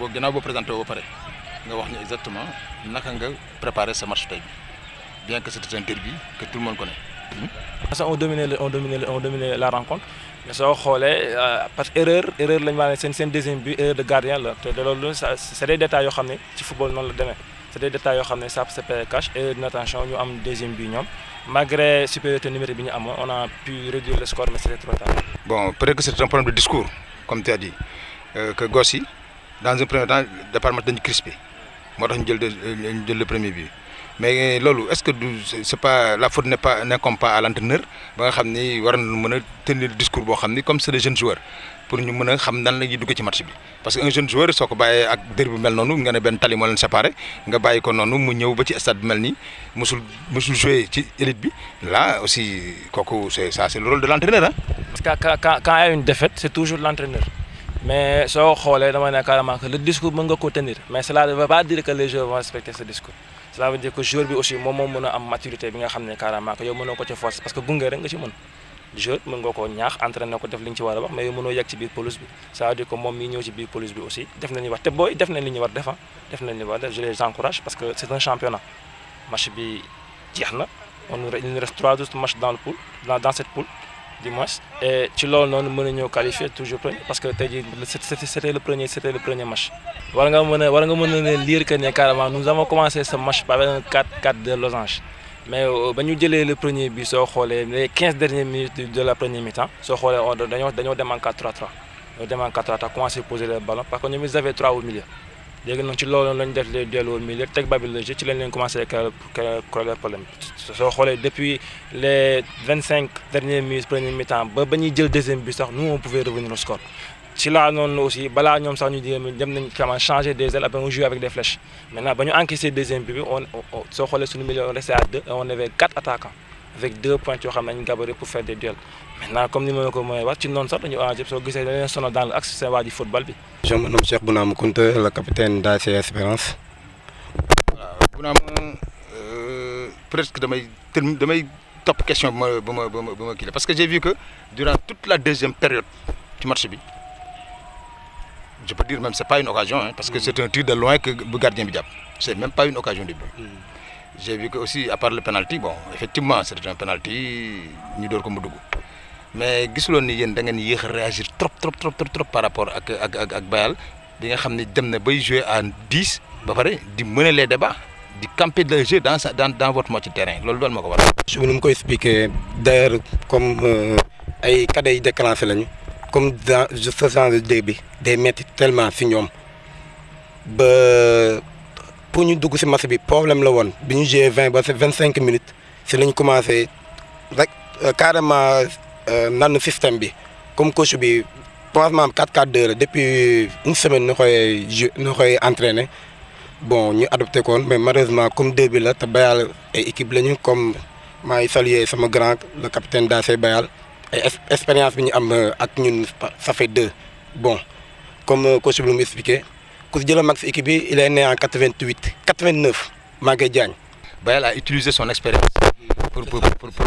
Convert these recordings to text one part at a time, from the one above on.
vous avez présenté au ba nga exactement nous préparer préparé ce match tey bien que c'était un derby que tout le monde connaît. parce on dominait on dominait on dominait la rencontre mais ça xoolee euh, parce que erreur erreur lañu maanaam deuxième but erreur de gardien c'est des détails yoo xam football non la demain, c'est des détails yoo xam ne ça se paye cash erreur d'inattention ñu am deuxième but ñoom malgré supériorité numérique bi ñu on a pu réduire le score mais c'était trop tard. bon peut-être que c'est un problème de discours comme tu as dit euh, que gossi dans un premier temps département dañu crispé moo tax ñu jël le premier bi mais lolo, est-ce que c'est pas la faute n'est pas n'incombe pas à l'entraîneur ba nga xam ni war nañu mën discours boo xam comme c'est des jeunes joueurs pour ñu mën a xam nan la ñuy dugg ci match bi parce que un jeune joueur soo ko bàyyee ak dër bu mel noonu nga ne benn tali moo leen séparé nga bàyyi ko noonu mu ñëw ba ci stade bu mel nii mosul mosul jouer ci élite bi là aussi c'est ça c'est le rôle de l'entraîneur Hein? parce que quand quand il y a une défaite c'est toujours l'entraîneur. Mais ça le discours peut être tenir, mais cela ne veut pas dire que les joueurs vont respecter ce discours. Cela veut dire que le aussi, moi, moi, moi, am maturité, bien ramener carrément, que yo mono coach force, parce que gunga renga mon Joueur, moi, moi, quoi, nyar, entraîner quoi, devenir chihuahua, mais yo mono yak chibi police bi. Ça veut dire que moi, mignon chibi police bi aussi. Devenir ni wat, te boy, devenir ni wat, défend, devenir ni wat. Je les encourage parce que c'est un championnat. Match bi, tierna. On nous reste trois autres matchs dans le pool, dans, dans cette pool et nous toujours parce que c'était le premier le premier match. nous avons commencé ce match par 4-4 de losange mais nous euh, avons le premier but, les 15 dernières minutes de la première mi-temps on 4 3 4 3 poser le ballon parce que nous au milieu léegi nag ci loolu lañ def les delluwaat mi léegi teg Babilouge ci lañ leen commencé avec le problème so xolé depuis les vingt cinq dernières minutes premier mi-temps ba ba jël deuxième bi sax nous on pouvait revenir au score ci la non aussi bala ñom sax ñu jéem dem nañ comment changer des ailes après on joue avec des flèches maintenant bañu encaisser encaissé deuxième bi on so xolé suñu milieu on à 2 on avait quatre attaquants avec deux points yo xam ñu pour faire des duels maintenant comme ni ma ko mooy wax ci non sax dañu orange so soo dañu sonna dans l'axe c'est waa football bi. je me nomme Cheikh Bounama Kounta le capitaine d'ASC Espérance. waaw Bounama peut damay damay top question parce que j'ai vu que durant toute la deuxième période du match bi je peux dire même c'est pas une occasion hein, parce que c'est un tir de loin que le gardien bi c'est même pas une occasion de but. Hmm. j'ai vu que aussi à part le penalty bon effectivement c'est un penalty ñu door ko mu mais vous voyez que vous réagir trop trop trop trop trop par rapport à Bayal. Vous savez que vous jouez en 10, vous pouvez mener les débats, de camper le jeu dans, dans, dans votre match terrain. C'est ce que je veux dire. Je voulais expliquer, d'ailleurs, comme les euh, cadets déclenchés, comme dans ce genre de débit, des mettre tellement signaux. Pour nous, nous avons match, un problème. Nous avons joué 20, 25 minutes. C'est là que nous Carrément le euh, système bi comme coach bi franchement 4-4-2 depuis une semaine nous koy entraîné bon ñu adopté koon mais malheureusement comme deux pilotes, la te Bayal et équipe lañu comme maay saluer sama grand le capitaine Dassé Bayal l'expérience expérience bi ñu am euh, ak ça fait deux bon comme euh, coach bi expliqué équipe bi il est né en 88 89 ma ngi Bayal a utilisé son expérience pour pour pour pour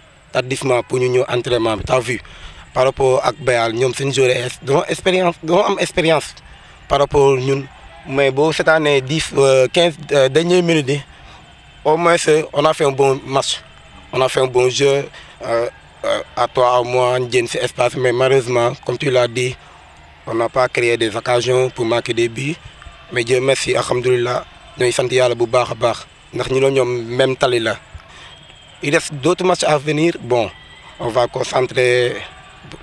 tardivement pour ñu ñëw entraînement tu t'as vu par rapport à Bayal nous sommes une dañoo expérience am expérience par rapport ñun mais bon cette année dix 15 euh, euh, dernières minutes au moins on a fait un bon match on a fait un bon jeu euh, à toi à moi ñu jënd espace mais malheureusement comme tu l'as dit on n'a pas créé des occasions pour marquer des buts mais Dieu merci alhamdulilah ñooy sant yàlla bu baax a baax ndax ñu la même tali là. Il reste d'autres matchs à venir. Bon, on va concentrer,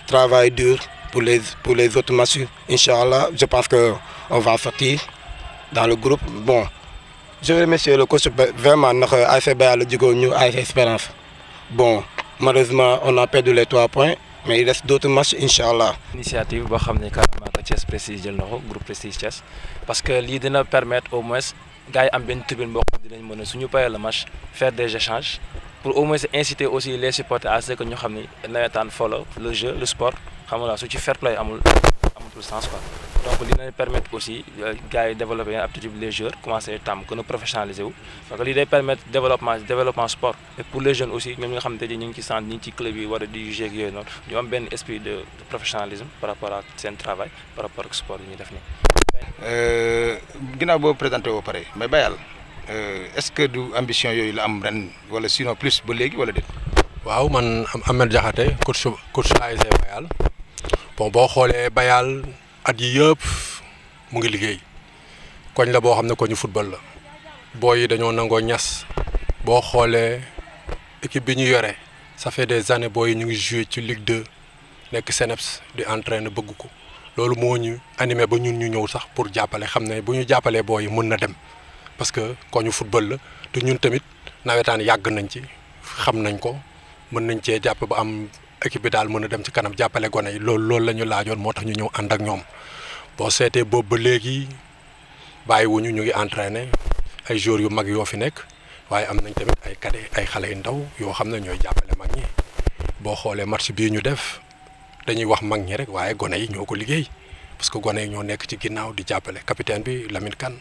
travail dur pour les, pour les autres matchs. Inch'Allah, je pense qu'on va sortir dans le groupe. Bon, je remercie le coach vraiment, notre ACB à nous Espérance. Bon, malheureusement, on a perdu les trois points. mais il reste d'autres matchs Inch'Allah. L'initiative, initiative boo que le groupe Prestige parce que l'idée permet permettre au moins gars am match faire des échanges pour au moins inciter aussi les supporters à ce que ñu xam ni follow le jeu le sport xam nga su ci fair play amul amatul sens quoi donc li nañ permettre aussi euh, gars yi développer yenn aptitude les joueurs commencer à être a professionnaliser wu parce que li day permettre développement développement sport et pour les jeunes aussi même ñi nous xamante ni ñu ngi ci centre ñu ci club yi dans a di nous ak yooyu noonu ñu am esprit de professionnalisme par rapport à seen travail par rapport au sport Je vais vous présenter ginnaaw boo mais woo pare may bayal. Euh, est-ce que du ambition yoy la am ren wala sinon plus ba léegi wala dit waaw man amel Diakhaté coach coach ASC Bayal bon bo xolé Bayal at yi yëpp mu ngi liggéey koñ la bo xamné koñu football la boy yi dañoo nango ñass bo xolé équipe bi ñu yoré ça fait des années boy yi ñu ngi jouer ci Ligue 2 nek CNEPS di entraîner bëgg ko loolu moo ñu animé ba ñun ñu ñëw sax pour jappalé xamné bu ñu jappalé boy yi mën na dem. parce que koñu football la te ñun tamit nawetaan yàgg nañ ci xam nañ ko mën nañ cee jàpp ba am équipe bi daal mën a dem ci kanam jàppale gone yi loolu loolu la ñu laajoon moo tax ñu ñëw ànd ak ñoom boo seetee boobu ba léegi bàyyi bàyyiwuñu ñu ngi entraîné ay joueurs yu mag yoo fi nekk waaye am nañ tamit ay cadet ay xale yu ndaw yoo xam ne ñooy jàppale mag ñi boo xoolee match bii ñu def dañuy wax mag ñi rek waaye gone yi ñoo ko liggéey parce que gone yi ñoo nekk ci ginnaaw di jàppale capitaine bi Lamine Kane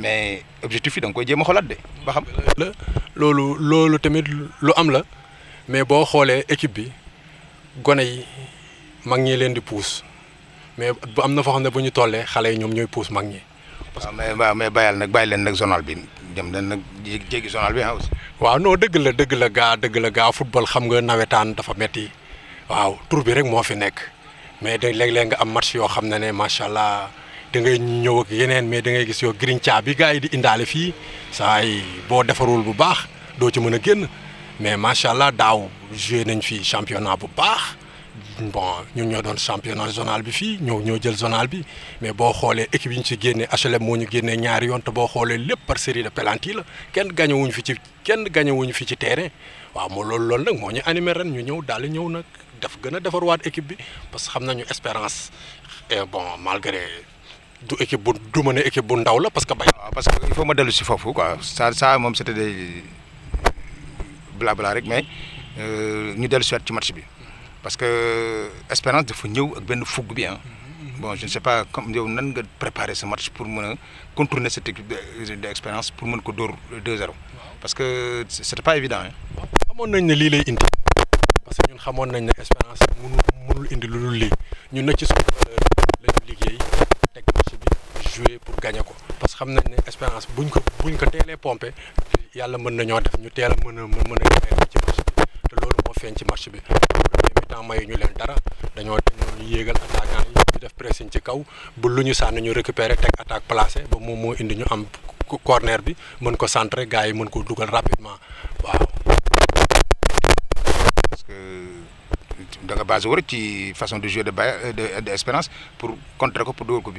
mais objectif yi da nga koy jéem a de ba xam. loolu loolu tamit lu am la mais boo xoolee équipe bi gone yi mag ñi leen di puus mais bu am na foo xam ne bu ñu tollee xale yi ñoom ñooy puus mag ñi. parce que mais waaw mais bàyyal nag bàyyi leen nag bi dem leen nag jéggi zonal bi ah aussi. waaw non dëgg la dëgg la gaa dëgg la gaa football xam nga nawetaan dafa metti waaw tur bi rek moo fi nekk mais léeg-léeg nga am match yoo xam ne ne macha allah. da ngay ñëw ak yeneen mais da ngay gis yoo girincaa bi gars yi di indaale fii saa boo defarul bu baax doo ci mën a génn mais macha allah daaw joué nañ fii championnat bu baax bon ñun ñoo doon championnat zonal bi fii ñoo ñoo jël zonal bi mais boo xoolee équipe yi ñu si génnee HLM moo ñu génnee ñaari yoon te boo xoolee lépp par série de penalty la kenn gañewuñu fi ci kenn gañewuñu fi ci terrain waaw moo loolu loolu nag moo ñu animé ren ñu ñëw daal di ñëw nag daf gën a defarwaat équipe bi parce que xam nañu espérance bon malgré. du équipe du équipe bu la parce que. parce que il faut que je si foofu quoi ça ça c'était des blabla rek mais euh, ñu dellu si ci match bi parce que espérance de ñeu ak benn fougue. bien hein. bon je ne sais pas comment yow nan nga préparer ce match pour mën contourner cette équipe d'expérience pour mën ko dor 2-0 parce que c'était pas évident. Hein. amon nañ ne li lay indi parce que ñun xamone nañ ne Espérance mënul indi lu dul ñun nag ci gagné ko parce que xamnañ né espérance buñ ko buñ ko télé pompé yalla mën nañoo def ñu téla a mën mën ci marché bi té lolu mo fën ci marché bi premier mi-temps mayu ñu leen dara dañoo yéegal attaquant yi ñu def pressing ci kaw bu luñu ñu ñu récupérer tek attaque placé ba mo mo indi ñu am corner bi mën ko centrer gaay yi mën ko duggal rapidement waaw. parce que da nga basé wu rek ci façon de jouer de de d'Espérance pour contrer ko pour dugal ko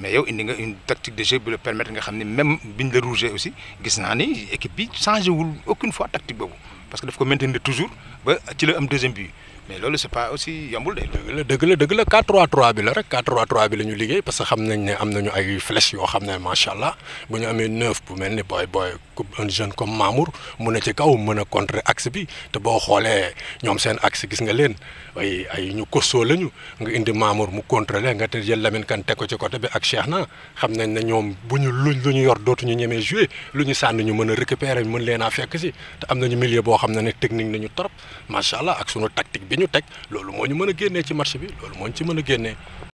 mais yow indi nga une tactique de jeu bi le permettre nga xam même biñ la rougé aussi gis na ni équipe bi changé wul aucune fois tactique bobu parce que daf ko maintenir toujours ba ci la am deuxième but mais loolu c'est pas aussi yambul de. dëgg la dëgg la dëgg la 4-3-3 bi la rek 4-3-3 bi la ñu liggéey parce que xam nañ né am nañu ay flèches yo xam ne macha allah bu ñu amee neuf bu mel ni boy booy. un jeune comme Mamour mu ne ci kaw mën a contrer axe bi te boo xoolee ñoom seen axe gis nga leen ay ay ñu costaud lañu nga indi Mamour mu contrôler nga te jël Lamine Kane teg ko ci côté bi ak Cheikh na xam nañ na ñoom bu ñu luñ lu ñu yor dootuñu ñemee jouer lu ñu sànni ñu mën a récupérer mën leen a fekk si te am nañu milieu boo xam ne ne technique nañu trop macha allah ak sunu tactique bi ñu teg loolu moo ñu mën a génnee ci match bi loolu moo ñu ci mën a génnee.